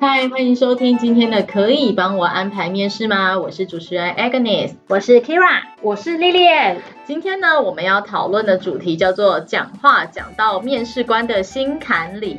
嗨，歡迎收聽今天的《可以幫我安排面試嗎》？我是主持人 Agnes，我是 Kira。我是麗麗。今天呢，我們要討論的主題叫做“講話講到面試官的心坎裡”。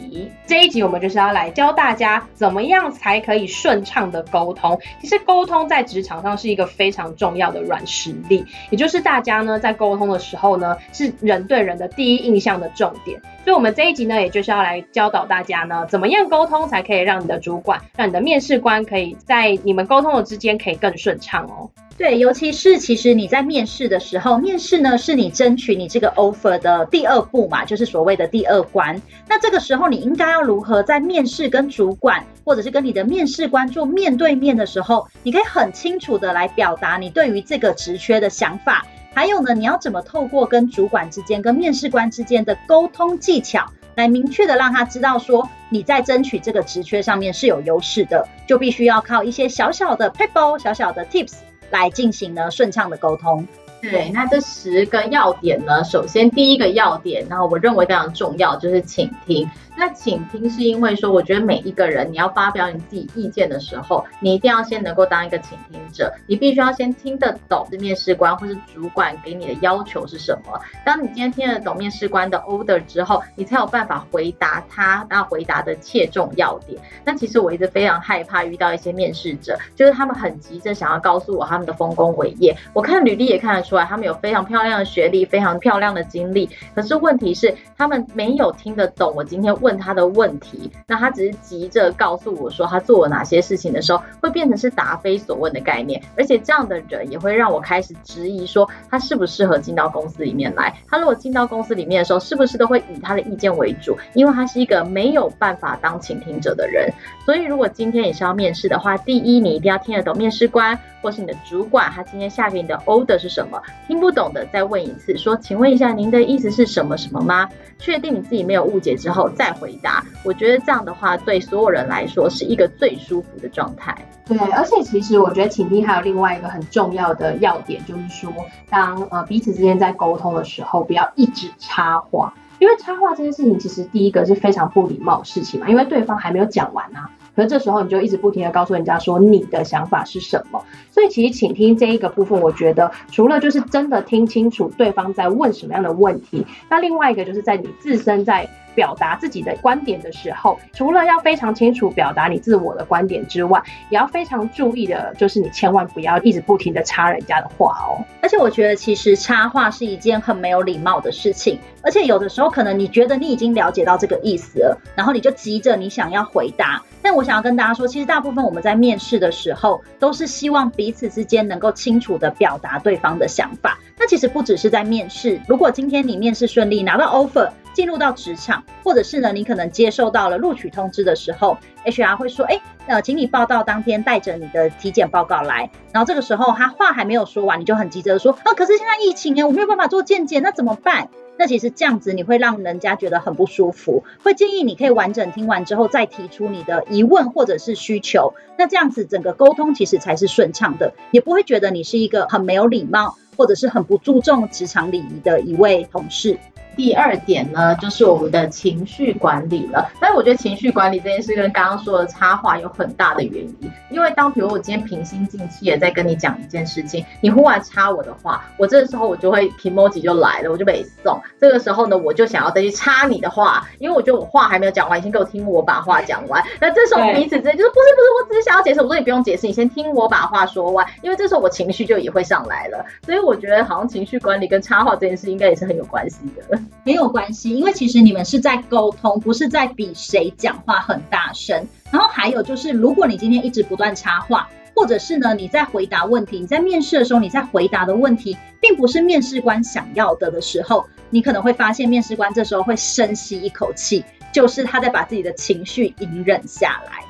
這一集我們就是要來教大家怎麼樣才可以順暢的溝通。其實溝通在職場上是一個非常重要的軟實力，也就是大家呢在溝通的時候呢，是人對人的第一印象的重點。所以，我們這一集呢，也就是要來教導大家呢，怎麼樣溝通才可以讓你的主管、讓你的面試官可以在你們溝通的之間可以更順暢哦。對，尤其是其實你在面試的時候，面試呢是你爭取你這個 offer 的第二步嘛，就是所謂的第二關。那這個時候你應該要如何在面試跟主管，或者是跟你的面試官做面對面的時候，你可以很清楚的來表達你對於這個職缺的想法。還有呢，你要怎麼透過跟主管之間、跟面試官之間的溝通技巧，來明確的讓他知道說你在爭取這個職缺上面是有優勢的，就必須要靠一些小小的撇步，小小的 tips。來進行呢順暢的溝通對。對，那這十個要點呢，首先第一個要點，然後我認為非常重要，就是傾聽。那傾聽是因為說，我覺得每一個人你要發表你自己意見的時候，你一定要先能夠當一個傾聽者，你必須要先聽得懂這面試官或是主管給你的要求是什麼。當你今天聽得懂面試官的 order 之後，你才有辦法回答他，那回答的切中要點。那其實我一直非常害怕遇到一些面試者，就是他們很急着想要告訴我他們的豐功偉業。我看履歷也看得出來，他們有非常漂亮的學歷，非常漂亮的經歷。可是問題是，他們沒有聽得懂我今天。問他的問題，那他只是急着告訴我說他做了哪些事情的時候，會變成是答非所問的概念，而且這樣的人也會讓我開始質疑說他適不適合進到公司裡面來。他如果進到公司裡面的時候，是不是都會以他的意見為主？因為他是一個沒有辦法當傾聽者的人。所以如果今天也是要面試的話，第一你一定要聽得懂面試官，或是你的主管，他今天下給你的 order 是什麼？聽不懂的再問一次，說，請問一下您的意思是什麼什麼嗎？確定你自己沒有誤解之後再回答。我覺得這樣的話對所有人來說是一個最舒服的狀態。對，而且其實我覺得傾聽還有另外一個很重要的要點，就是說，當呃彼此之間在溝通的時候，不要一直插話，因為插話這件事情其實第一個是非常不禮貌的事情嘛，因為對方還沒有講完啊。可是這時候你就一直不停的告訴人家說你的想法是什麼，所以其實傾聽這一個部分，我覺得除了就是真的聽清楚對方在問什麼樣的問題，那另外一個就是在你自身在表達自己的觀點的時候，除了要非常清楚表達你自我的觀點之外，也要非常注意的，就是你千萬不要一直不停的插人家的話哦。而且我覺得其實插話是一件很沒有禮貌的事情，而且有的時候可能你覺得你已經了解到這個意思了，然後你就急着你想要回答。但我想要跟大家說，其實大部分我們在面試的時候，都是希望彼此之間能夠清楚的表達對方的想法。那其實不只是在面試，如果今天你面試順利拿到 offer，進入到職場，或者是呢，你可能接受到了錄取通知的時候，HR 會說，誒、欸、那、呃、請你報到當天帶着你的體檢報告來。然後這個時候他話還沒有說完，你就很急着說，啊，可是現在疫情、欸、我沒有辦法做健檢，那怎麼辦？那其實這樣子你會讓人家覺得很不舒服，會建議你可以完整聽完之後再提出你的疑問或者是需求。那這樣子整個溝通其實才是順暢的，也不會覺得你是一個很沒有禮貌或者是很不注重職場禮儀的一位同事。第二點呢，就是我們的情緒管理了。但是我覺得情緒管理這件事跟剛剛說的插話有很大的原因。因為當比如我今天平心靜氣的在跟你講一件事情，你忽然插我的話，我這個時候我就會皮毛急就來了，我就被送。這個時候呢，我就想要再去插你的話，因為我覺得我話還沒有講完，你先給我聽我把話講完。那這時候彼此之間就是不是不是，我只是想要解釋，我說你不用解釋，你先聽我把話說完。因為這時候我情緒就也會上來了。所以我覺得好像情緒管理跟插話這件事應該也是很有關係的。沒有關係，因為其實你們是在溝通，不是在比誰講話很大聲。然後還有就是，如果你今天一直不斷插話，或者是呢，你在回答問題，你在面試的時候，你在回答的問題並不是面試官想要的的時候，你可能會發現面試官這時候會深吸一口氣，就是他在把自己的情緒隱忍下來。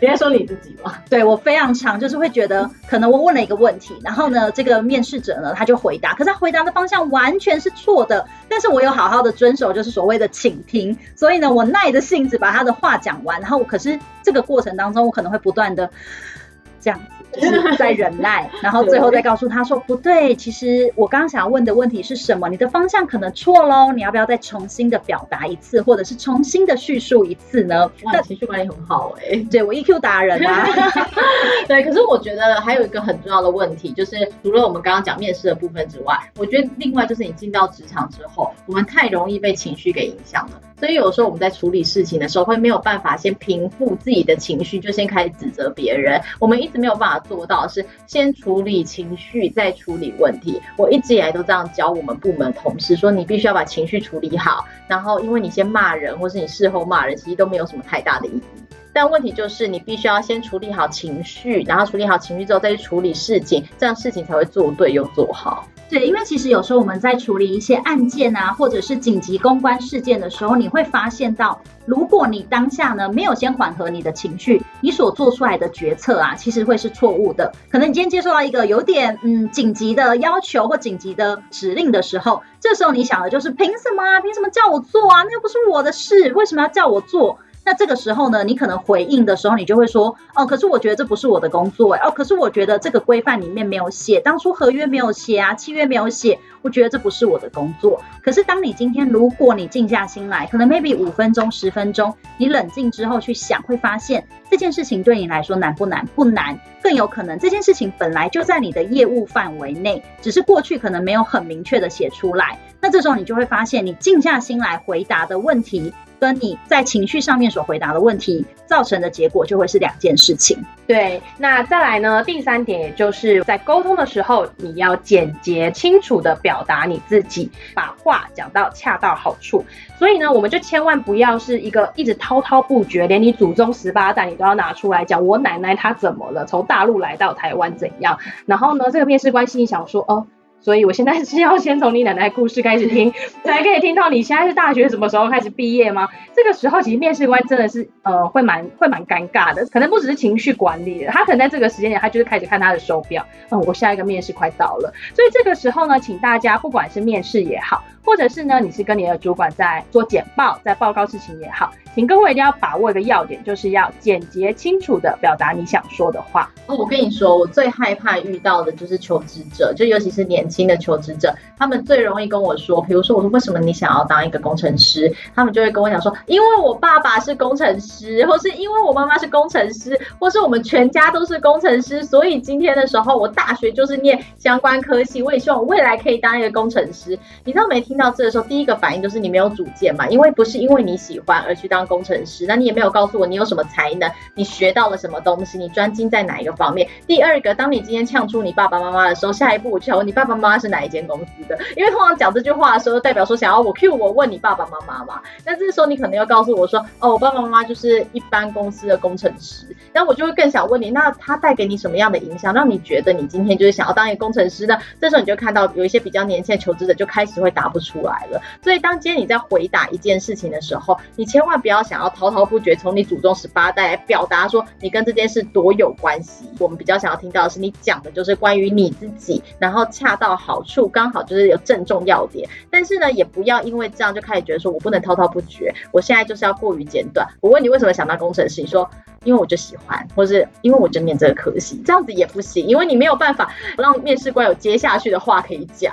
別 說你自己吧，對，我非常常，就是會覺得可能我問了一個問題，然後呢，這個面試者呢，他就回答，可是，他回答的方向完全是錯的，但是我有好好的遵守就是所謂的傾聽，所以呢，我耐着性子把他的話講完，然後，可是這個過程當中，我可能會不斷的這樣。在 忍耐，然後最後再告訴他說不對，其實我剛剛想要問的問題是什麼？你的方向可能錯嘍，你要不要再重新的表達一次，或者是重新的敘述一次呢？那 情緒管理很好哎、欸，對，我 EQ 達人啊， 對。可是我覺得還有一個很重要的問題，就是除了我們剛剛講面試的部分之外，我覺得另外就是你進到職場之後，我們太容易被情緒給影響了。所以有時候我們在處理事情的時候，會沒有辦法先平復自己的情緒，就先開始指責別人。我們一直沒有辦法做到是先處理情緒再處理問題。我一直以來都這樣教我們部門同事，說你必須要把情緒處理好，然後因為你先罵人，或是你事後罵人，其實都沒有什麼太大的意義。但問題就是，你必須要先處理好情緒，然後處理好情緒之後再去處理事情，這樣事情才會做對又做好。對，因為其實有時候我們在處理一些案件啊，或者是緊急公關事件的時候，你會發現到，如果你當下呢，沒有先緩和你的情緒，你所做出來的決策啊，其實會是錯誤的。可能你今天接受到一個有點嗯緊急的要求或緊急的指令的時候，這時候你想的就是憑什麼啊？憑什麼叫我做啊？那又不是我的事，為什麼要叫我做？那這個時候呢，你可能回應的時候，你就會說，哦，可是我覺得這不是我的工作欸，哦，可是我覺得這個規範裡面沒有寫，當初合約沒有寫啊，契約沒有寫，我覺得這不是我的工作。可是當你今天如果你靜下心來，可能 maybe 五分鐘、十分鐘，你冷靜之後去想，會發現這件事情對你來說難不難？不難，更有可能這件事情本來就在你的業務範圍內，只是過去可能沒有很明確的寫出來。那這時候你就會發現，你靜下心來回答的問題。跟你在情緒上面所回答的問題，造成的結果就會是兩件事情。對，那再來呢？第三點，也就是在溝通的時候，你要簡潔清楚地表達你自己，把話講到恰到好處。所以呢，我們就千萬不要是一個一直滔滔不絕，連你祖宗十八代你都要拿出來講。我奶奶她怎麼了？從大陸來到台灣怎樣？然後呢，這個面試官心裡想說，哦。所以，我現在是要先從你奶奶的故事開始聽，才可以聽到你現在是大學什麼時候開始畢業嗎？這個時候，其實面試官真的是呃，會蠻會蠻尷尬的，可能不只是情緒管理的，他可能在這個時間點，他就是開始看他的手表，嗯，我下一個面試快到了。所以這個時候呢，請大家，不管是面試也好。或者是呢，你是跟你的主管在做簡報，在報告事情也好，請各位一定要把握一個要點，就是要簡潔清楚的表達你想說的話。我跟你說，我最害怕遇到的就是求職者，就尤其是年輕的求職者，他們最容易跟我說，比如說我說為什麼你想要當一個工程師，他們就會跟我講說，因為我爸爸是工程師，或是因為我媽媽是工程師，或是我們全家都是工程師，所以今天的時候我大學就是念相關科系，我也希望我未來可以當一個工程師。你知道每天。到這的時候，第一個反應就是你沒有主見嘛，因為不是因為你喜歡而去當工程師，那你也沒有告訴我你有什麼才能，你學到了什麼東西，你專精在哪一個方面。第二個，當你今天嗆出你爸爸媽媽的時候，下一步我就想問你爸爸媽媽是哪一間公司的，因為通常講這句話的時候，代表說想要我 Q 我問你爸爸媽媽嘛。那這時候你可能要告訴我說，哦，我爸爸媽媽就是一般公司的工程師，那我就會更想問你，那他帶給你什麼樣的影響，讓你覺得你今天就是想要當一個工程師呢？這時候你就看到有一些比較年輕的求職者就開始會答不出出來了，所以當今天你在回答一件事情的時候，你千萬不要想要滔滔不絕，從你祖宗十八代來表達說你跟這件事多有關係。我們比較想要聽到的是你講的就是關於你自己，然後恰到好處，剛好就是有正中要點。但是呢，也不要因為這樣就開始覺得說我不能滔滔不絕，我現在就是要過於簡短。我問你為什麼想當工程師？你說。因為我就喜歡，或是因為我就念這個科系，這樣子也不行，因為你沒有辦法讓面試官有接下去的話可以講，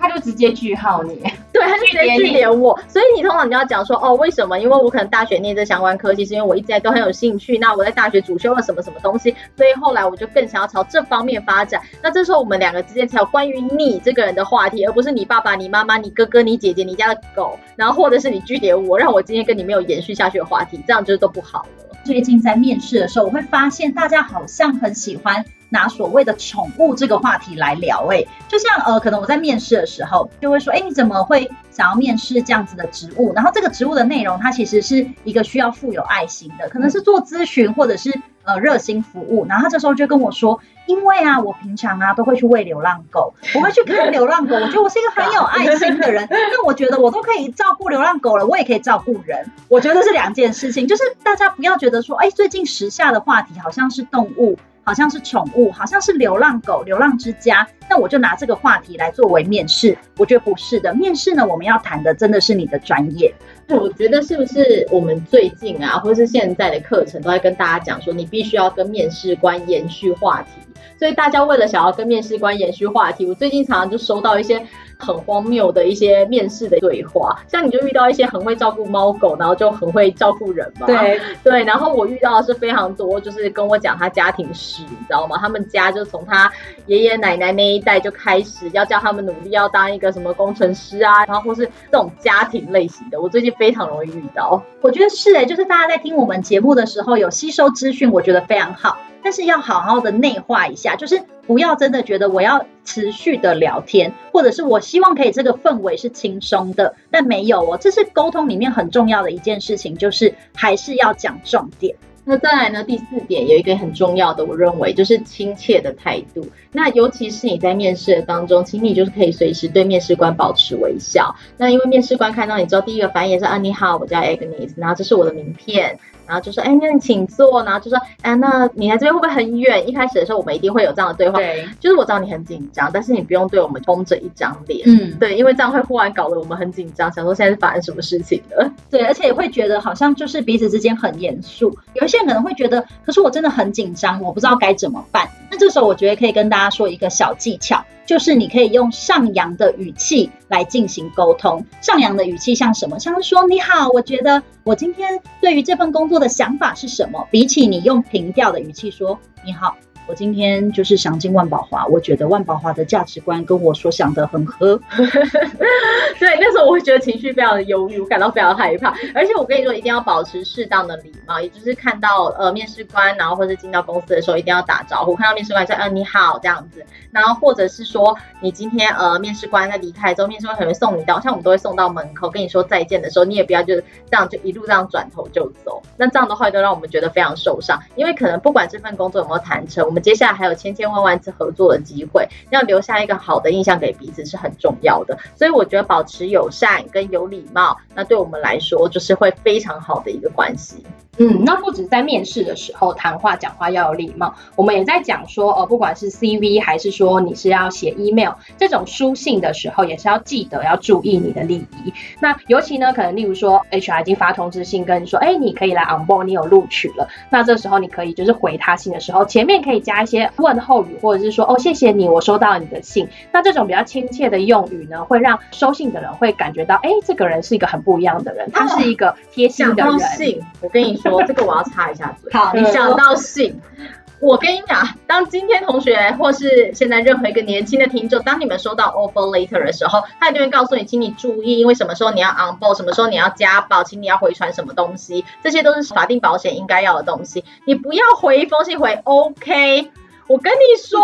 他就直接句號你，對，他就直接句點我，所以你通常你要講說哦，為什麼？因為我可能大學念這相關科系，是因為我一直在都很有興趣。那我在大學主修了什麼什麼東西，所以後來我就更想要朝這方面發展。那這時候我們兩個之間才有關於你這個人的話題，而不是你爸爸、你媽媽、你哥哥、你姐姐、你家的狗，然後或者是你句點我，讓我今天跟你沒有延續下去的話題，這樣就是都不好了。最近在面試的時候，我會發現大家好像很喜歡拿所謂的寵物這個話題來聊，欸。哎，就像呃，可能我在面試的時候就會說，哎，欸，你怎麼會想要面試這樣子的職務？然後這個職務的內容它其實是一個需要富有愛心的，可能是做諮詢或者是呃熱心服務。然後他這時候就跟我說。因為啊，我平常啊都會去餵流浪狗，我會去看流浪狗。我覺得我是一個很有愛心的人。那 我覺得我都可以照顧流浪狗了，我也可以照顧人。我覺得是兩件事情，就是大家不要覺得說，哎、欸，最近時下的話題好像是動物，好像是寵物，好像是流浪狗、流浪之家。那我就拿這個話題來作為面試，我覺得不是的。面試呢，我們要談的真的是你的專業。我覺得是不是我們最近啊，或是現在的課程都在跟大家講說，你必須要跟面試官延續話題。所以大家為了想要跟面試官延續話題，我最近常常就收到一些很荒謬的一些面試的對話。像你就遇到一些很會照顧貓狗，然後就很會照顧人嘛。對對。然後我遇到的是非常多，就是跟我講他家庭史，你知道嗎？他們家就從他爺爺奶奶那一代就開始要叫他們努力要當一個什麼工程師啊，然後或是這種家庭類型的，我最近非常容易遇到。我覺得是欸，就是大家在聽我們節目的時候有吸收資訊，我覺得非常好。但是要好好的內化一下，就是不要真的覺得我要持續的聊天，或者是我希望可以這個氛圍是輕鬆的，但沒有哦。這是溝通裡面很重要的一件事情，就是還是要講重點。那再來呢？第四點有一個很重要的，我認為就是親切的態度。那尤其是你在面試的當中，請你就是可以隨時對面試官保持微笑。那因為面試官看到你之後第一個反應是啊，你好，我叫 Agnes，然後這是我的名片。然後就說：“哎，那你請坐。”然後就說：“哎，那你來這邊會不會很遠？一開始的時候，我們一定會有這樣的對話。對，就是我知道你很緊張，但是你不用對我們繃着一張臉。嗯，對，因為這樣會忽然搞得我們很緊張，想說現在是發生什麼事情了。對，而且也會覺得好像就是彼此之間很嚴肅。有一些人可能會覺得，可是我真的很緊張，我不知道該怎麼辦。”那這時候，我覺得可以跟大家說一個小技巧，就是你可以用上揚的語氣來進行溝通。上揚的語氣像什麼？像是說“你好”，我覺得我今天對於這份工作的想法是什麼？比起你用平調的語氣說“你好”。我今天就是想進萬寶華，我覺得萬寶華的價值觀跟我所想的很合。 對，那時候我會覺得情緒非常的猶豫，我感到非常害怕。而且我跟你說，一定要保持適當的禮貌，也就是看到呃面試官，然後或者進到公司的時候，一定要打招呼，看到面試官說“嗯、呃、你好”這樣子。然後或者是說你今天呃面試官在離開之後，面試官可能會送你到，像我們都會送到門口跟你說再見的時候，你也不要就是這樣就一路這樣轉頭就走。那這樣的話就讓我們覺得非常受傷，因為可能不管這份工作有沒有談成，我們。接下來還有千千萬萬次合作的機會，要留下一個好的印象給彼此是很重要的。所以我覺得保持友善跟有禮貌，那對我們來說就是會非常好的一個關係。嗯，那不止在面試的時候談話講話要有禮貌，我們也在講說呃、哦，不管是 CV 還是說你是要寫 email 這種書信的時候，也是要記得要注意你的禮儀。那尤其呢，可能例如說 HR 已經發通知信跟你說，哎、欸，你可以來 onboard，你有錄取了。那這時候你可以就是回他信的時候，前面可以。加一些問候語，或者是說哦，謝謝你，我收到了你的信。那這種比較親切的用語呢，會讓收信的人會感覺到，哎，這個人是一個很不一樣的人，哦，他是一個貼心的人。我跟你說， 這個我要插一下嘴。好，你想到信。 我跟你講，當今天同學或是現在任何一個年輕的聽眾，當你們收到 offer letter 的時候，他一定會告訴你，請你注意，因為什麼時候你要 on board，什麼時候你要加保，請你要回傳什麼東西，這些都是法定保險應該要的東西。你不要回一封信回 OK，我跟你說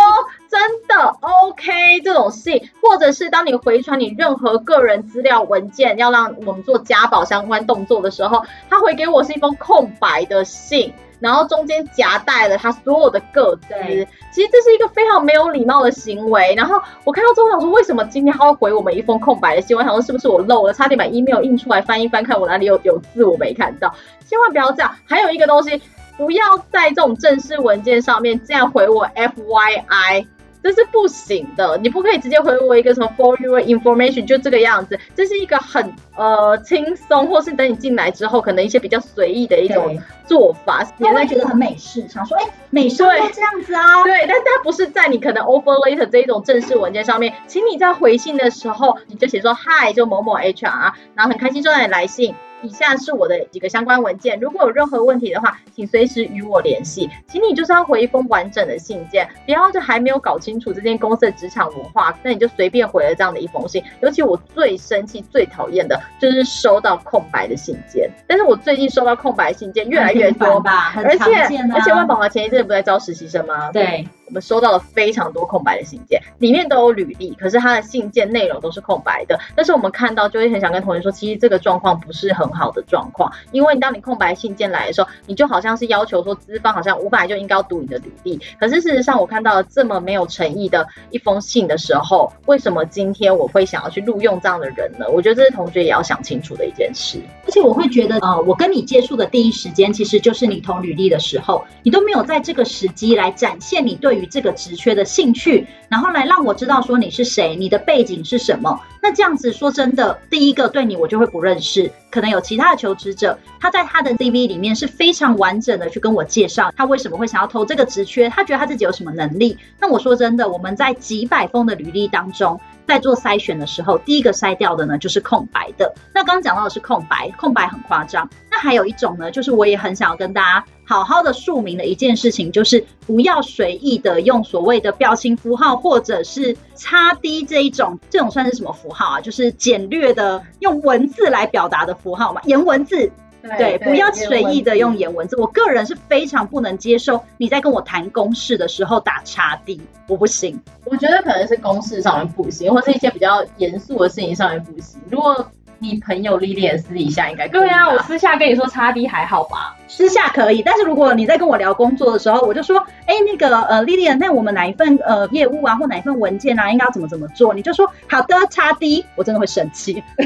真的 OK 這種信，或者是當你回傳你任何個人資料文件要讓我們做加保相關動作的時候，他回給我是一封空白的信。然後中間夾帶了他所有的個資，對，其實這是一個非常沒有禮貌的行為。然後我看到之後，我想說，為什麼今天他會回我們一封空白的信？我想說，是不是我漏了？差點把 email 印出來翻一翻，看我哪裡有有字我沒看到？千萬不要這樣。還有一個東西，不要在這種正式文件上面這樣回我、FYI。F Y I。這是不行的，你不可以直接回我一個什麼 for your information，就這個樣子。這是一個很呃輕鬆，或是等你進來之後，可能一些比較隨意的一種做法，你會覺得很美式，想說哎、欸、美式這樣子啊。對，但它不是在你可能 offer letter 這一種正式文件上面。請你在回信的時候，你就寫說 hi 就某某 HR，然後很開心收到你來信。以下是我的幾個相關文件，如果有任何問題的話，請隨時與我聯繫。請你就是要回一封完整的信件，不要就還沒有搞清楚這間公司的職場文化，那你就隨便回了這樣的一封信。尤其我最生氣、最討厭的就是收到空白的信件。但是我最近收到空白信件越來越多吧，很常見啊，而且，而且萬寶華前一陣不在招實習生嗎？對。對我們收到了非常多空白的信件，裡面都有履歷，可是他的信件內容都是空白的。但是我們看到，就會很想跟同學說，其實這個狀況不是很好的狀況，因為你當你空白信件來的時候，你就好像是要求說資方好像五百就應該要讀你的履歷，可是事實上我看到了這麼沒有誠意的一封信的時候，為什麼今天我會想要去錄用這樣的人呢？我覺得這是同學也要想清楚的一件事。而且我會覺得，啊、呃，我跟你接觸的第一時間，其實就是你投履歷的時候，你都沒有在這個時機來展現你對於。這個職缺的興趣，然後來讓我知道說你是誰，你的背景是什麼。那這樣子說真的，第一個對你我就會不認識。可能有其他的求職者，他在他的 CV 裡面是非常完整的去跟我介紹他為什麼會想要投這個職缺，他覺得他自己有什麼能力。那我說真的，我們在幾百封的履歷當中，在做篩選的時候，第一個篩掉的呢就是空白的。那剛剛講到的是空白，空白很誇張。那還有一種呢，就是我也很想要跟大家。好好的說明的一件事情，就是不要隨意的用所謂的表情符號，或者是差 d 這一種，這種算是什麼符號啊？就是簡略的用文字來表達的符號嘛，言文字。對，對對，不要隨意的用言文、言文字。我個人是非常不能接受你在跟我談公式的時候打差 d，我不行。我覺得可能是公式上面不行，或是一些比較嚴肅的事情上面不行。如果你朋友莉莉安私底下應該可以。對啊，我私下跟你說差低還好吧。私下可以，但是如果你在跟我聊工作的時候，我就說，哎、欸，那個呃莉莉安那我們哪一份呃業務啊，或哪一份文件啊，應該要怎麼怎麼做？你就說好的差低，我真的會生氣。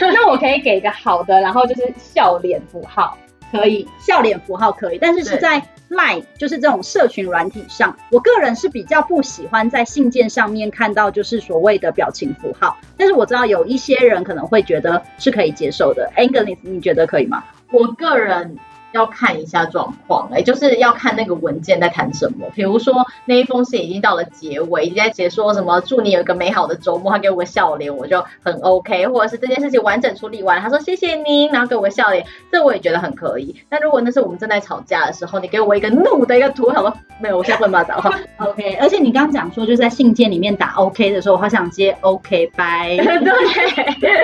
那我可以給一個好的，然後就是笑臉符號。可以，笑臉符號可以，但是是在 Line，就是這種社群軟體上。我個人是比較不喜歡在信件上面看到就是所謂的表情符號，但是我知道有一些人可能會覺得是可以接受的。Agnes，你覺得可以嗎？我個人。要看一下狀況，哎，就是要看那個文件在談什麼。比如說那一封信已經到了結尾，已經在解說什麼，祝你有一個美好的周末，他給我個笑臉，我就很 OK。或者是這件事情完整處理完，他說謝謝您，然後給我個笑臉，這我也覺得很可以。但如果那是我們正在吵架的時候，你給我一個怒的一個圖，好嗎？沒有，我先換把刀。 OK，而且你剛剛講說就是在信件裡面打 OK 的時候，我好想接 OK，拜。 對，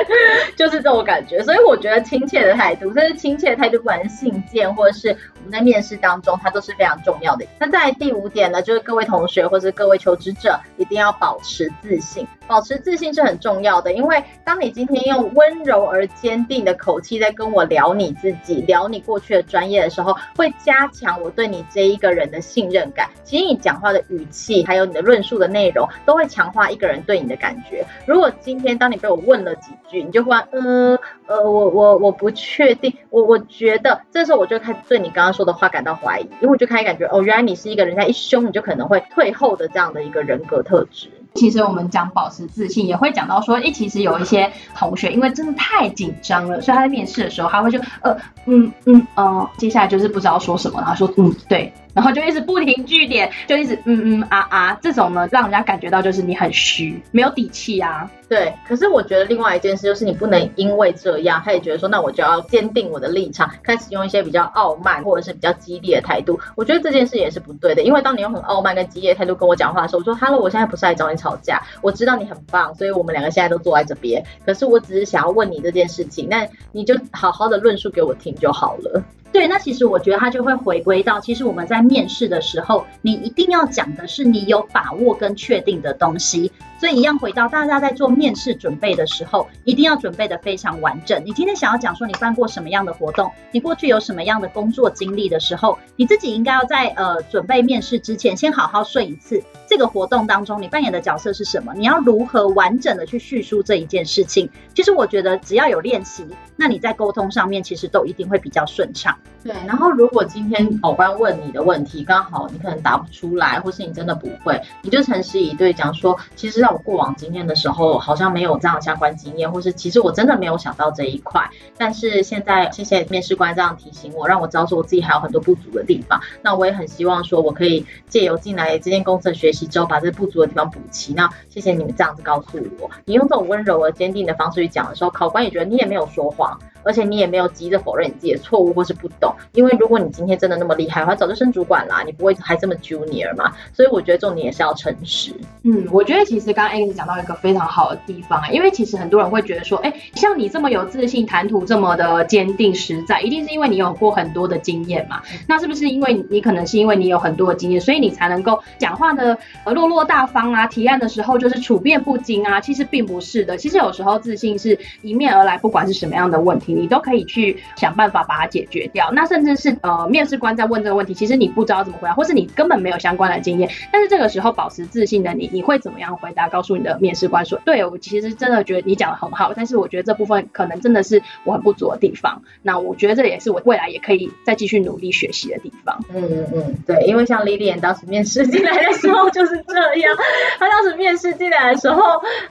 就是這種感覺。所以我覺得親切的態度，但是親切的態度不然信件。或者是我們在面試當中，它都是非常重要的。那在第五點呢，就是各位同學或是各位求職者一定要保持自信，保持自信是很重要的。因為當你今天用溫柔而堅定的口氣在跟我聊你自己、聊你過去的專業的時候，會加強我對你這一個人的信任感。其實你講話的語氣，還有你的論述的內容，都會強化一個人對你的感覺。如果今天當你被我問了幾句，你就會說呃、嗯、呃，我我我不確定，我我覺得，這是我我就開始對你剛剛說的話感到懷疑，因為我就開始感覺哦，原來你是一個人家一凶你就可能會退後的這樣的一個人格特質。其實我們講保持自信，也會講到說，誒，其實有一些同學因為真的太緊張了，所以他在面試的時候，他會就呃嗯嗯哦、呃，接下來就是不知道說什麼，他說嗯對。然後就一直不停句點，就一直嗯嗯啊啊這種呢，讓人家感覺到就是你很虛，沒有底氣啊。對，可是我覺得另外一件事就是你不能因為這樣，他也覺得說，那我就要堅定我的立場，開始用一些比較傲慢或者是比較激烈的態度。我覺得這件事也是不對的，因為當你用很傲慢跟激烈態度跟我講話的時候，我說，哈嘍，我現在不是來找你吵架，我知道你很棒，所以我們兩個現在都坐在這邊。可是我只是想要問你這件事情，那你就好好的論述給我聽就好了。對，那其實我覺得他就會回歸到，其實我們在面試的時候，你一定要講的是你有把握跟確定的東西。所以，一樣回到大家在做面試準備的時候，一定要準備得非常完整。你今天想要講說你辦過什麼樣的活動，你過去有什麼樣的工作經歷的時候，你自己應該要在呃準備面試之前，先好好睡一次。這個活動當中，你扮演的角色是什麼？你要如何完整的去敘述這一件事情？其實我覺得，只要有練習，那你在溝通上面其實都一定會比較順暢。對。然後，如果今天考官問你的問題，剛好你可能答不出來，或是你真的不會，你就誠實以對，講說其實讓。我過往經驗的時候，好像沒有這樣相關經驗，或是其實我真的沒有想到這一塊。但是現在，謝謝面試官這樣提醒我，讓我知道說我自己還有很多不足的地方。那我也很希望說，我可以借由進來這間公司的學習之後，把這不足的地方補齊。那謝謝你們這樣子告訴我。你用這種溫柔而堅定的方式去講的時候，考官也覺得你也沒有說謊。而且你也沒有急着否認你自己的錯誤或是不懂，因為如果你今天真的那麼厲害的話，早就升主管啦、啊，你不會還這麼 junior 嘛，所以我覺得重點也是要誠實。嗯，我覺得其實剛剛 Agnes、欸、講到一個非常好的地方、啊，因為其實很多人會覺得說，哎、欸，像你這麼有自信、談吐這麼的堅定、實在，一定是因為你有過很多的經驗嘛？那是不是因為你，你可能是因為你有很多的經驗，所以你才能夠講話的落落大方啊？提案的時候就是處變不驚啊？其實並不是的，其實有時候自信是迎面而來，不管是什麼樣的問題。你都可以去想辦法把它解決掉。那甚至是呃，面試官在問這個問題，其實你不知道怎麼回答，或是你根本沒有相關的經驗。但是這個時候保持自信的你，你會怎麼樣回答？告訴你的面試官說：“對我其實真的覺得你講得很好，但是我覺得這部分可能真的是我很不足的地方。那我覺得這也是我未來也可以再繼續努力學習的地方。”嗯嗯嗯嗯，對，因為像 Lilian 當時面試進來的時候就是這樣。他 當時面試進來的時候，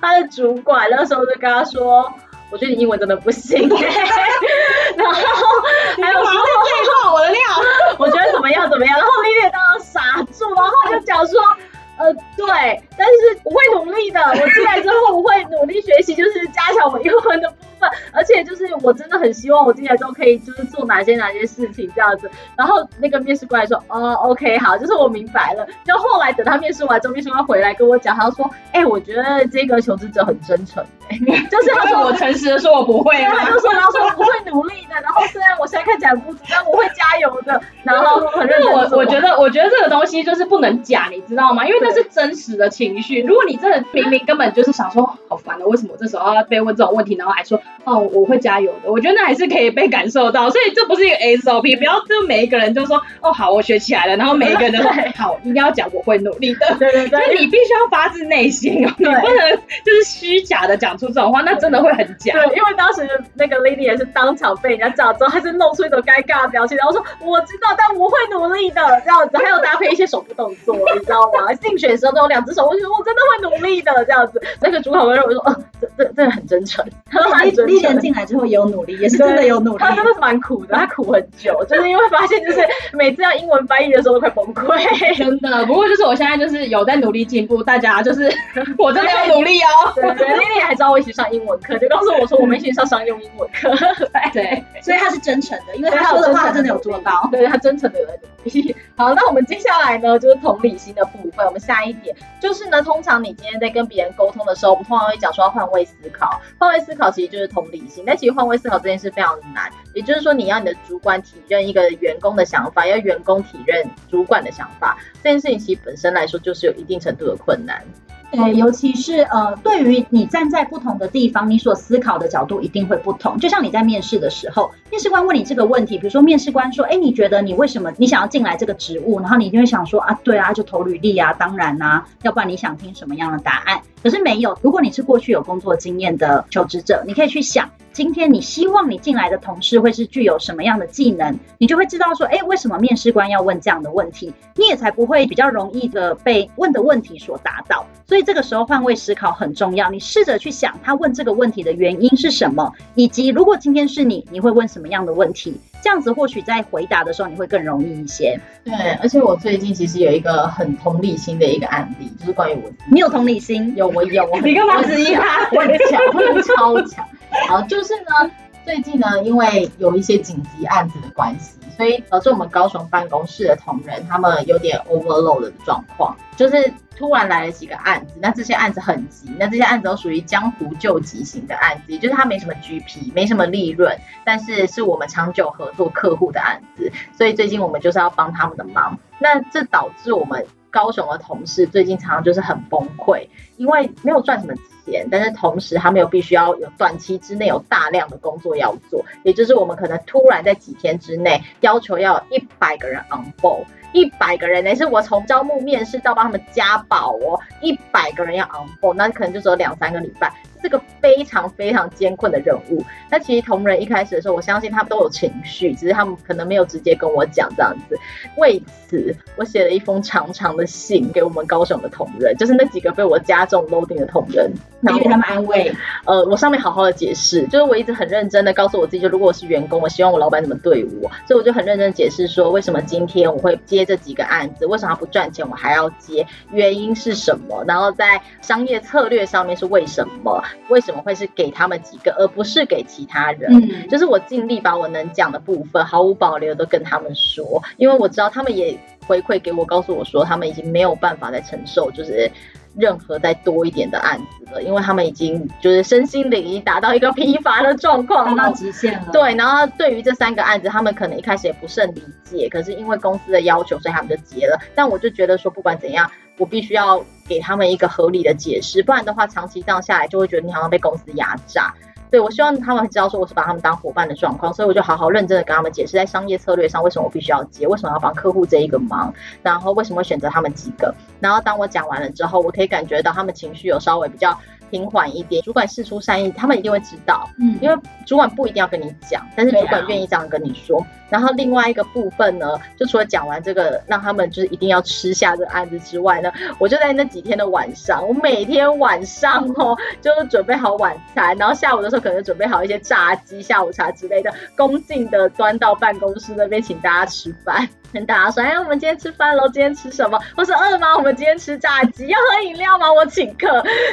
他的主管那時候就跟他說。我覺得你英文真的不行，欸， 然後還有說廢話，我的料， 我覺得怎麼樣怎麼樣，然後李李當時傻住，然後就講說，呃，對，但是我會努力的，我進來之後我會努力學習，就是加強我英文的。而且就是我真的很希望我今年都可以就是做哪些哪些事情這樣子。然後那個面試官說，哦、呃，OK，好，就是我明白了。就後來等他面試完之後，面試官回來跟我講，他說，哎、欸，我覺得這個求職者很真誠，哎，就是他說我誠實的說，我不會嗎？他就說他就說我不會努力的。然後雖然我現在看起來不足，但我會加油的。然後，反正我我覺得我覺得這個東西就是不能假，你知道嗎？因為那是真實的情緒。如果你真的明明根本就是想說，好煩哦，為什麼我這時候要被問這種問題，然後還說。哦，我會加油的。我覺得還是可以被感受到，所以這不是一個 SOP，不、嗯、要就每一個人都說哦好，我學起來了。然後每一個人都說好，應該要講我會努力的。對對對，你必須要發自內心哦，你不能就是虛假的講出這種話，那真的會很假。對，因為當時那個 lady 也是當場被人家講之後，還是弄出一種尷尬的表情，然後我說我知道，但我會努力的這樣子，還有搭配一些手部動作， 你知道嗎？競 選的時候都有兩隻手，我覺得我真的會努力的這樣子。那個主考官說：“哦，這這真的很真誠。”他說：“他一。”麗麗進來之後也有努力，也是真的有努力，她真的是蠻苦的，她苦很久， 就是因為發現就是每次要英文翻譯的時候都快崩潰， 真的。不過就是我現在就是有在努力進步，大家就是我真的要努力哦。對，麗麗還知道我一起上英文課，就告訴我說我們一起上商用英文課。對，所以她是真誠的， 因為她說的話真的有做到。對，她真誠的有在努力。好，那我們接下來呢，就是同理心的部分。我們下一點就是呢，通常你今天在跟別人溝通的時候，我們通常會講說換位思考，換位思考其實就是。同理心，但其實換位思考這件事非常的難。也就是說，你要你的主管體認一個員工的想法，要員工體認主管的想法，這件事情其實本身來說就是有一定程度的困難。對、欸，尤其是呃，對於你站在不同的地方，你所思考的角度一定會不同。就像你在面試的時候，面試官問你這個問題，比如說面試官說：“誒、欸，你覺得你為什麼你想要進來這個職務？”然後你一定會想說：“啊，對啊，就投履歷啊，當然吶、啊。”要不然你想聽什麼樣的答案？可是沒有。如果你是過去有工作經驗的求職者，你可以去想，今天你希望你進來的同事會是具有什麼樣的技能，你就會知道說：“誒、欸，為什麼面試官要問這樣的問題？”你也才不會比較容易的被問的問題所打倒。所以。這個時候換位思考很重要。你試着去想他問這個問題的原因是什麼，以及如果今天是你，你會問什麼樣的問題？這樣子或許在回答的時候你會更容易一些。對，而且我最近其實有一個很同理心的一個案例，就是關於我，你有同理心？有，我有，我我只有，我很強， 超強。好、呃，就是呢，最近呢，因為有一些緊急案子的關係，所以導致、呃、我們高雄辦公室的同仁他們有點 overload 的狀況，就是。突然來了幾個案子，那這些案子很急，那這些案子都屬於江湖救急型的案子，也就是它沒什麼 GP，沒什麼利潤，但是是我們長久合作客戶的案子，所以最近我們就是要幫他們的忙。那這導致我們高雄的同事最近常常就是很崩潰，因為沒有賺什麼錢，但是同時他們又必須要有短期之內有大量的工作要做，也就是我們可能突然在幾天之內要求要一百個人 on board 一百個人那是我從招募、面試到幫他們加保哦。一百個人要 onboard, 那可能就只有兩三個禮拜。是、這個非常非常艱困的任務。那其實同仁一開始的時候，我相信他們都有情緒，只是他們可能沒有直接跟我講這樣子。為此，我寫了一封長長的信給我們高雄的同仁，就是那幾個被我加重 loading 的同仁，然後給他們安慰。呃，我上面好好的解釋，就是我一直很認真的告訴我自己，就如果我是員工，我希望我老闆怎麼對我，所以我就很認真解釋說，為什麼今天我會接這幾個案子，為什麼他不賺錢我還要接，原因是什麼，然後在商業策略上面是為什麼。為什麼會是給他們幾個，而不是給其他人？嗯，嗯，就是我盡力把我能講的部分毫無保留的都跟他們說，因為我知道他們也回饋給我，告訴我說他們已經沒有辦法再承受，就是任何再多一點的案子了，因為他們已經就是身心靈已經達到一個疲乏的狀況，達到極限了。對，然後對於這三個案子，他們可能一開始也不甚理解，可是因為公司的要求，所以他們就接了。但我就覺得說，不管怎樣，我必須要。給他們一個合理的解釋，不然的話，長期這樣下來，就會覺得你好像被公司壓榨。對，我希望他們知道說，我是把他們當夥伴的狀況，所以我就好好、認真的跟他們解釋，在商業策略上為什麼我必須要接，為什麼要幫客戶這一個忙，然後為什麼選擇他們幾個。然後當我講完了之後，我可以感覺到他們情緒有稍微比較。平緩一點，主管事出善意，他們一定會知道。嗯，因為主管不一定要跟你講，但是主管願意這樣跟你說。啊。然後另外一個部分呢，就除了講完這個，讓他們就是一定要吃下這個案子之外呢，我就在那幾天的晚上，我每天晚上哦，就是準備好晚餐，然後下午的時候可能準備好一些炸雞、下午茶之類的，恭敬的端到辦公室那邊請大家吃飯。跟大家說，哎呀，我們今天吃飯嘍？今天吃什麼？或是餓嗎？我們今天吃炸雞？要喝飲料嗎？我請客。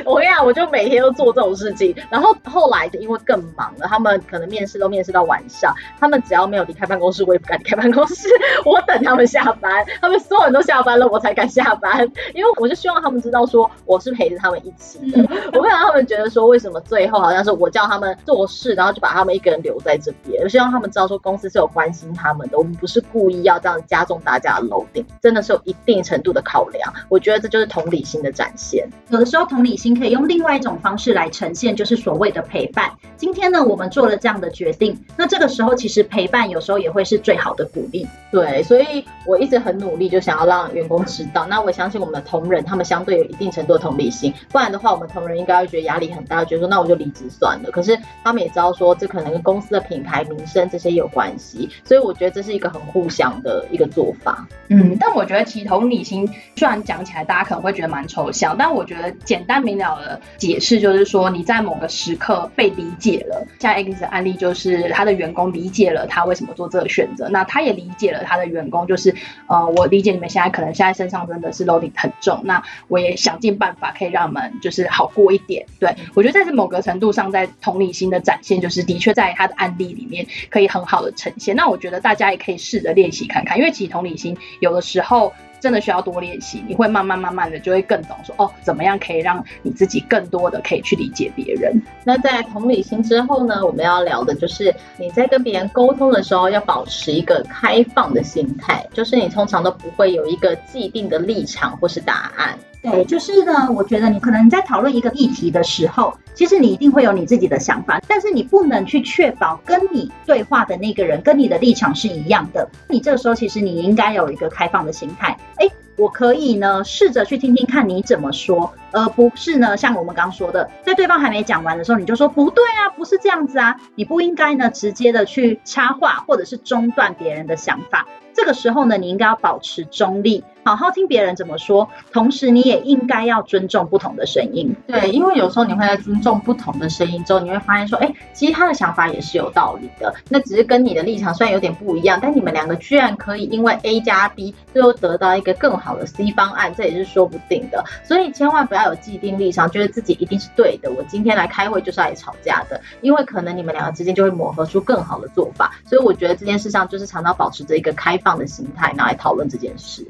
我跟你講，我就每天都做這種事情。然後後來因為更忙了，他們可能面試都面試到晚上。他們只要沒有離開辦公室，我也不敢離開辦公室。我等他們下班，他們所有人都下班了，我才敢下班。因為我就希望他們知道說，我是陪着他們一起的。我不想讓他們覺得說，為什麼最後好像是我叫他們做事，然後就把他們一個人留在這邊？我希望他們知道說，公司是有關心他們的。我們不是故意要這樣。加重大家的 loading，真的是有一定程度的考量。我覺得這就是同理心的展現。有的時候同理心可以用另外一種方式來呈現，就是所謂的陪伴。今天呢，我們做了這樣的決定。那這個時候，其實陪伴有時候也會是最好的鼓勵。對，所以我一直很努力，就想要讓員工知道。那我相信我們的同仁，他們相對有一定程度的同理心。不然的話，我們同仁應該會覺得壓力很大，覺得說那我就離職算了。可是他們也知道說，這可能跟公司的品牌名聲這些有關係。所以我覺得這是一個很互相的。的做法。嗯，嗯，但我覺得其同理心雖然講起來，大家可能會覺得蠻抽象，但我覺得簡單明了的解釋就是說，你在某個時刻被理解了。在 X 的案例，就是他的員工理解了他為什麼做這個選擇，那他也理解了他的員工，就是呃，我理解你們現在可能現在身上真的是 loading 很重，那我也想盡辦法可以讓你們就是好過一點。對、嗯、我覺得，在這某個程度上，在同理心的展現，就是的確在他的案例裡面可以很好的呈現。那我覺得大家也可以試着練習看看，因為。開啟同理心，有的時候真的需要多練習，你會慢慢慢慢的就會更懂說哦，怎麼樣可以讓你自己更多的可以去理解別人。那在同理心之後呢，我們要聊的就是你在跟別人溝通的時候，要保持一個開放的心態，就是你通常都不會有一個既定的立場或是答案。對，就是呢，我覺得你可能在討論一個議題的時候，其實你一定會有你自己的想法，但是你不能去確保跟你對話的那個人跟你的立場是一樣的。你這個時候其實你應該有一個開放的心態，誒，我可以呢試着去聽聽看你怎麼說，而不是呢像我們剛剛說的，在對方還沒講完的時候你就說不對啊，不是這樣子啊，你不應該呢直接的去插話或者是中斷別人的想法。這個時候呢，你應該要保持中立。好好聽別人怎麼說，同時你也應該要尊重不同的聲音。對，因為有時候你會在尊重不同的聲音之後，你會發現說，誒，其實他的想法也是有道理的。那只是跟你的立場雖然有點不一樣，但你們兩個居然可以因為 A 加 B 最後得到一個更好的 C 方案，這也是說不定的。所以千萬不要有既定立場，覺得自己一定是對的。我今天來開會就是來吵架的，因為可能你們兩個之間就會磨合出更好的做法。所以我覺得這件事上就是常常保持着一個開放的心態，拿來討論這件事。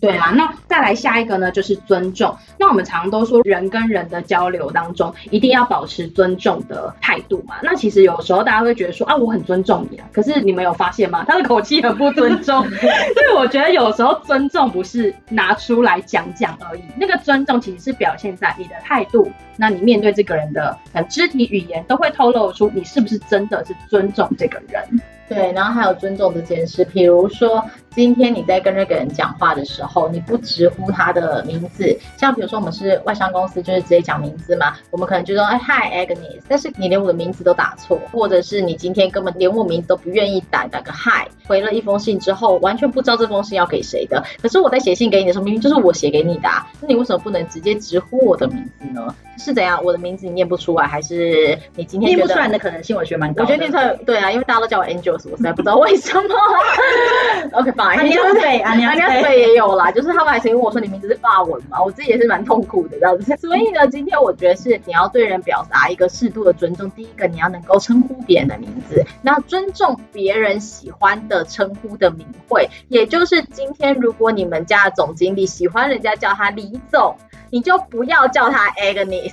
對啊，那再來下一個呢，就是尊重。那我們常常都說人跟人的交流當中，一定要保持尊重的態度嘛。那其實有時候大家會覺得說啊，我很尊重你啊，可是你們有發現嗎？他的口氣很不尊重。 所以我覺得有時候尊重不是拿出來講講而已，那個尊重其實是表現在你的態度。那你面對這個人的很肢體語言，都會透露出你是不是真的是尊重這個人。對，然後還有尊重這件事。比如說，今天你在跟那個人講話的時候，你不直呼他的名字，像比如說我們是外商公司，就是直接講名字嘛。我們可能就說，哎，Hi Agnes。但是你連我的名字都打錯，或者是你今天根本連我名字都不願意打，打個 Hi。回了一封信之後，完全不知道這封信要給誰的。可是我在寫信給你的時候，明明就是我寫給你的啊，那你為什麼不能直接直呼我的名字呢？是怎樣？我的名字你念不出來，還是你今天念不出來的可能性？我覺得蠻高。我覺得念出來，對啊，因為大家都叫我 Angel。我實在不知道為什麼 okay, bye,、嗯。OK，fine、就是。安妮斯貝，安妮斯也有啦，就是他們還是問我說，你名字是法文嘛？我自己也是蠻痛苦的，這樣子。 所以呢，今天我覺得是你要對人表達一個適度的尊重。第一個，你要能夠稱呼別人的名字，那尊重別人喜歡的稱呼的名諱，也就是今天如果你們家的總經理喜歡人家叫他李總，你就不要叫他 Agnes。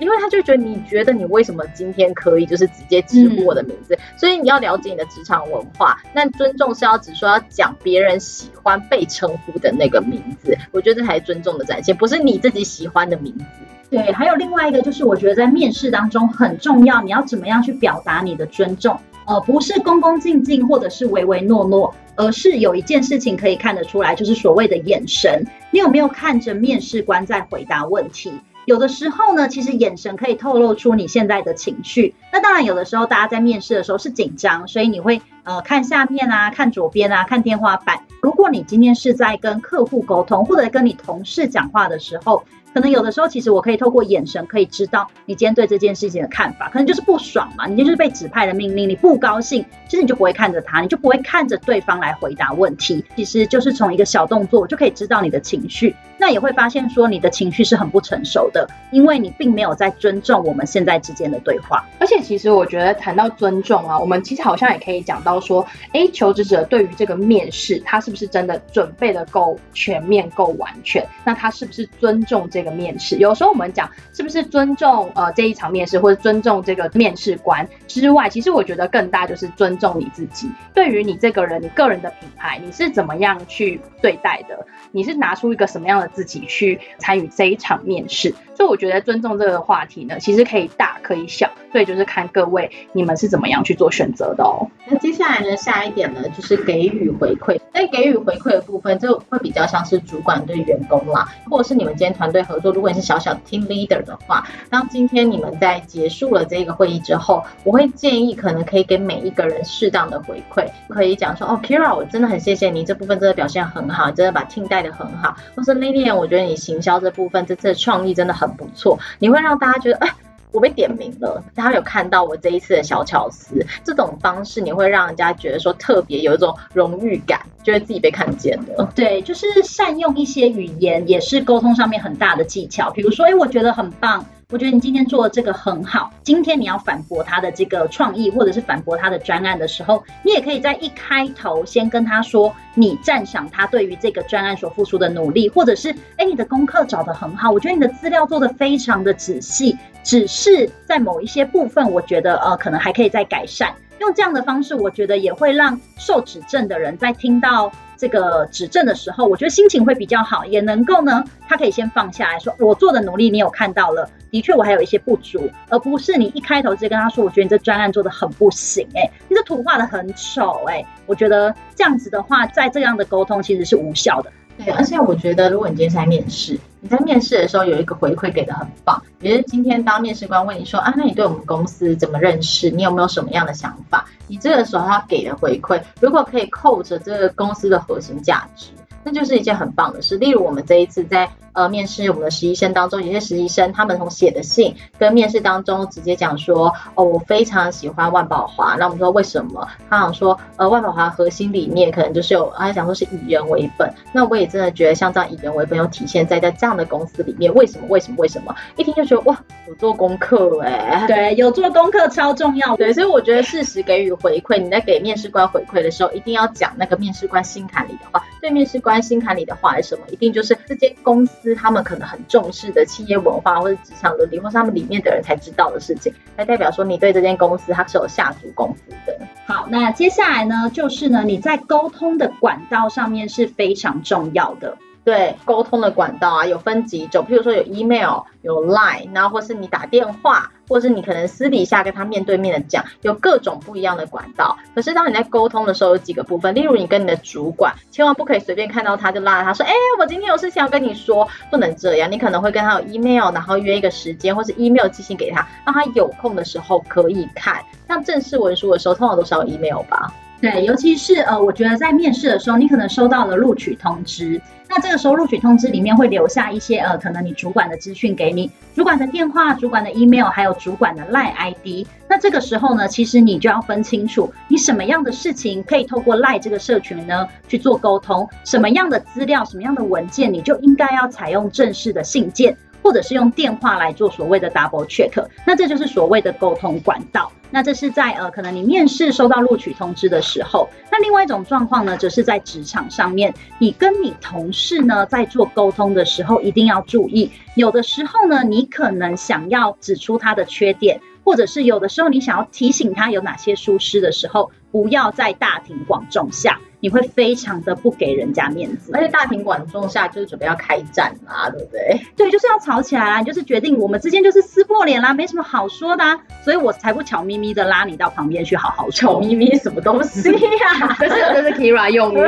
因為他就覺得，你覺得你為什麼今天可以就是直接直呼我的名字？嗯，所以你要了解你的職場文化。那尊重是要只說要講別人喜歡被稱呼的那個名字，我覺得這才是尊重的展現，不是你自己喜歡的名字。對，還有另外一個就是，我覺得在面試當中很重要，你要怎麼樣去表達你的尊重？呃，不是恭恭敬敬或者是唯唯諾諾，而是有一件事情可以看得出來，就是所謂的眼神。你有沒有看着面試官在回答問題？有的時候呢，其實眼神可以透露出你現在的情緒。那當然，有的時候大家在面試的時候是緊張，所以你會呃看下面啊，看左邊啊，看天花板。如果你今天是在跟客戶溝通，或者跟你同事講話的時候。可能有的時候，其實我可以透過眼神可以知道你今天對這件事情的看法，可能就是不爽嘛，你就是被指派的命令，你不高興，其實你就不會看着他，你就不會看着對方來回答問題，其實就是從一個小動作就可以知道你的情緒，那也會發現說你的情緒是很不成熟的，因為你並沒有在尊重我們現在之間的對話。而且，其實我覺得談到尊重啊，我們其實好像也可以講到說，誒，求職者對於這個面試，他是不是真的準備得夠全面、夠完全？那他是不是尊重這？這個面試，有時候我們講是不是尊重呃這一場面試或者尊重這個面試官之外，其實我覺得更大就是尊重你自己。對於你這個人，你個人的品牌，你是怎麼樣去對待的？你是拿出一個什麼樣的自己去參與這一場面試？所以我覺得尊重這個話題呢，其實可以大可以小，所以就是看各位你們是怎麼樣去做選擇的哦。那接下來呢，下一點呢，就是給予回饋。在給予回饋的部分，就會比較像是主管對員工啦，或者是你們今天團隊合作。如果你是小小 team leader 的話，當今天你們在結束了這個會議之後，我會建議可能可以給每一個人適當的回饋，可以講說哦，Kira，我真的很謝謝你，這部分真的表現很好，你真的把 team 帶的很好。或是 Lillian，我覺得你行銷這部分這次的創意真的很不錯，你會讓大家覺得哎。我被點名了，大家有看到我這一次的小巧思。這種方式你會讓人家覺得說特別有一種榮譽感，覺得自己被看見了。對，就是善用一些語言，也是溝通上面很大的技巧。比如說，哎、欸，我覺得很棒，我覺得你今天做的這個很好。今天你要反駁他的這個創意，或者是反駁他的專案的時候，你也可以在一開頭先跟他說，你贊賞他對於這個專案所付出的努力，或者是，哎、欸，你的功課找得很好，我覺得你的資料做得非常的仔細。只是在某一些部分，我覺得呃，可能還可以再改善。用這樣的方式，我覺得也會讓受指正的人在聽到這個指正的時候，我覺得心情會比較好，也能夠呢，他可以先放下來說，我做的努力你有看到了，的確我還有一些不足，而不是你一開頭直接跟他說，我覺得你這專案做得很不行欸，誒，你這圖畫得很醜，誒。我覺得這樣子的話，在這樣的溝通其實是無效的。對啊，而且我覺得如果你今天才面試。你在面試的時候有一個回饋給的很棒，比如今天當面試官問你說啊，那你對我們公司怎麼認識？你有沒有什麼樣的想法？你這個時候他給的回饋，如果可以扣着這個公司的核心價值。那就是一件很棒的事。例如，我們這一次在呃面試我們的實習生當中，有些實習生他們從寫的信跟面試當中直接講說：“哦，我非常喜歡萬寶華。”那我們說為什麼？他想說：“呃，萬寶華核心理念可能就是有……”他想說是以人為本。那我也真的覺得像這樣以人為本，有體現在在這樣的公司裡面。為什麼？為什麼？為什麼？一聽就覺得哇，有做功課哎、欸！對，有做功課超重要。對，所以我覺得適時給予回饋，你在給面試官回饋的時候，一定要講那個面試官心坎裡的話。對面試官。心坎裡的話是什麼？一定就是這間公司他們可能很重視的企業文化，或者職場倫理，或是他們裡面的人才知道的事情，那代表說你對這間公司它是有下足功夫的。好，那接下來呢，就是呢你在溝通的管道上面是非常重要的。對，溝通的管道啊，有分幾種，譬如說有 email，有 line，然後或是你打電話，或是你可能私底下跟他面對面的講，有各種不一樣的管道。可是當你在溝通的時候，有幾個部分，例如你跟你的主管，千萬不可以隨便看到他就拉著他說，哎、欸，我今天有事情要跟你說，不能這樣。你可能會跟他有 email，然後約一個時間，或是 email 寄信給他，讓他有空的時候可以看。像正式文書的時候，通常都是要 email 吧。對，尤其是呃，我覺得在面試的時候，你可能收到了錄取通知，那這個時候錄取通知裡面會留下一些呃，可能你主管的資訊給你，主管的電話、主管的 email，還有主管的 line ID。那這個時候呢，其實你就要分清楚，你什麼樣的事情可以透過 line 這個社群呢去做溝通，什麼樣的資料、什麼樣的文件，你就應該要採用正式的信件，或者是用電話來做所謂的 double check。那這就是所謂的溝通管道。那這是在呃，可能你面試收到錄取通知的時候。那另外一種狀況呢，就是在職場上面，你跟你同事呢在做溝通的時候，一定要注意。有的時候呢，你可能想要指出他的缺點，或者是有的時候你想要提醒他有哪些疏失的時候，不要在大庭廣眾下。你會非常的不給人家面子，而且大庭廣眾下就是準備要開戰啦，對不對？對，就是要吵起來啦。你就是決定我們之間就是撕破臉啦，沒什麼好說的啊，所以我才不悄咪咪的拉你到旁邊去好好悄咪咪什麼東西呀、啊？這是這是 Kira 用的。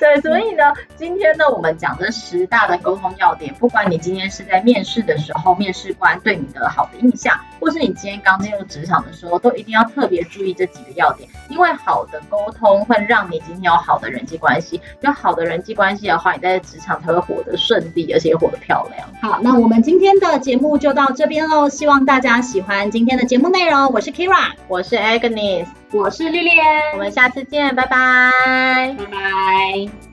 對，所以呢、嗯，今天呢，我們講的十大的溝通要點，不管你今天是在面試的時候，面試官對你的好的印象。或是你今天剛進入職場的時候，都一定要特別注意這幾個要點，因為好的溝通會讓你今天有好的人際關係。有好的人際關係的話，你在職場才會活得順利，而且也活得漂亮。好，那我們今天的節目就到這邊嘍，希望大家喜歡今天的節目內容。我是 Kira，我是 Agnes，我是麗麗，我們下次見，拜拜，拜拜。